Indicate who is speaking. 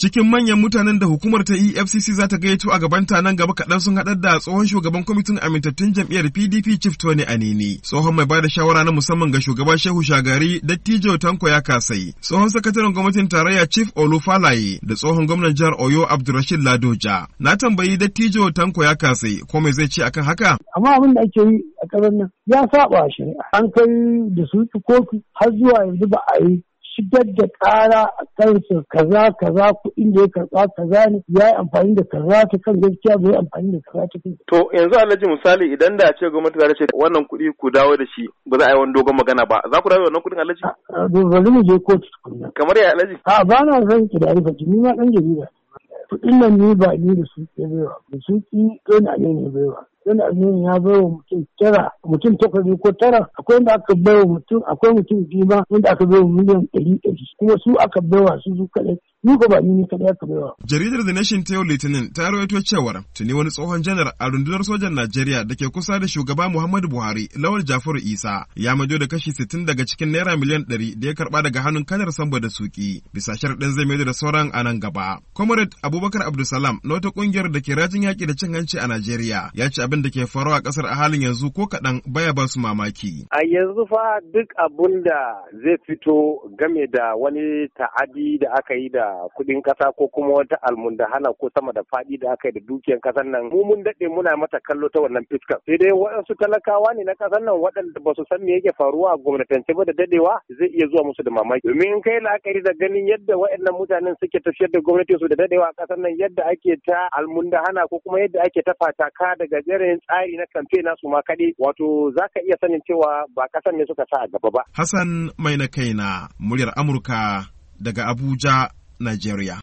Speaker 1: cikin manyan mutanen da hukumar ta efcc za ta gayyato a gabanta nan gaba kaɗan sun haɗar da tsohon shugaban kwamitin amintattun jam'iyyar pdp chief tony anini tsohon mai bada shawara na musamman ga shugaba shehu shagari dattijo tanko ya kasai tsohon sakataren gwamnatin tarayya chief olufalaye da tsohon gwamnan jihar oyo abdulrashid ladoja na tambayi dattijo tanko ya kasai ko mai zai ce akan haka
Speaker 2: amma abin da ake yi a ƙasar nan ya saba shi. an kai da su kotu har zuwa yanzu ba a yi shigar da ƙara a kansa kaza kaza kuɗin da ya karɓa kaza ne ya yi amfani da kaza ta kan gaskiya bai amfani da kaza ta kan.
Speaker 1: To yanzu Alhaji misali idan da ce gwamnati za ta ce wannan kuɗi ku dawo da shi ba za a yi wani dogon magana ba za ku dawo da wannan kuɗin Alhaji?
Speaker 2: Ba zai mu je kotu
Speaker 1: tukunna. Kamar ya Alhaji?
Speaker 2: A ba na zan ki da ba ni ma ɗan jarida. kuɗin nan ne ba ni da su ke baiwa da su ki ɗaya na ne baiwa yana nuni ya bai wa mutum tara mutum takwas ko tara akwai wanda aka bai wa mutum akwai mutum biyu ma wanda aka bai wa miliyan ɗari ɗari kuma su aka bai wa su su kaɗai ni ba ni ne
Speaker 1: Jaridar The Nation ta yau Litinin ta rawaito cewar tuni wani tsohon janar a rundunar sojan Najeriya da ke kusa da shugaba Muhammadu Buhari, Lawal Jafaru Isa, ya majo da kashi sittin daga cikin naira miliyan ɗari da ya karɓa daga hannun kanar Sambo da Suki, bisa sharaɗin zai maido da sauran a nan gaba. Comrade Abubakar Abdulsalam na wata ƙungiyar da ke rajin yaƙi da cin hanci a Najeriya, ya ce abin da ke faruwa a ƙasar a halin yanzu ko kaɗan baya ba su mamaki.
Speaker 3: A yanzu fa duk abun da zai fito game da wani ta'adi da aka yi da kuɗin kasa ko kuma wata almundahana ko sama da faɗi da aka yi da dukiyar kasan nan mu mun daɗe muna mata kallo ta wannan fiskar sai dai waɗansu talakawa ne na ƙasar nan waɗanda ba su san me yake faruwa a gwamnatance ba da daɗewa zai iya zuwa musu da mamaki domin in kai la'akari da ganin yadda waɗannan mutanen suke tafiyar da gwamnati su da daɗewa a ƙasar nan yadda ake ta almundahana ko kuma yadda ake ta fataka daga jerin tsari na kamfe su ma kaɗai wato za ka iya sanin cewa ba kasan ne suka sa a gaba ba.
Speaker 1: Hassan mai na kaina muryar Amurka daga Abuja, Nigeria.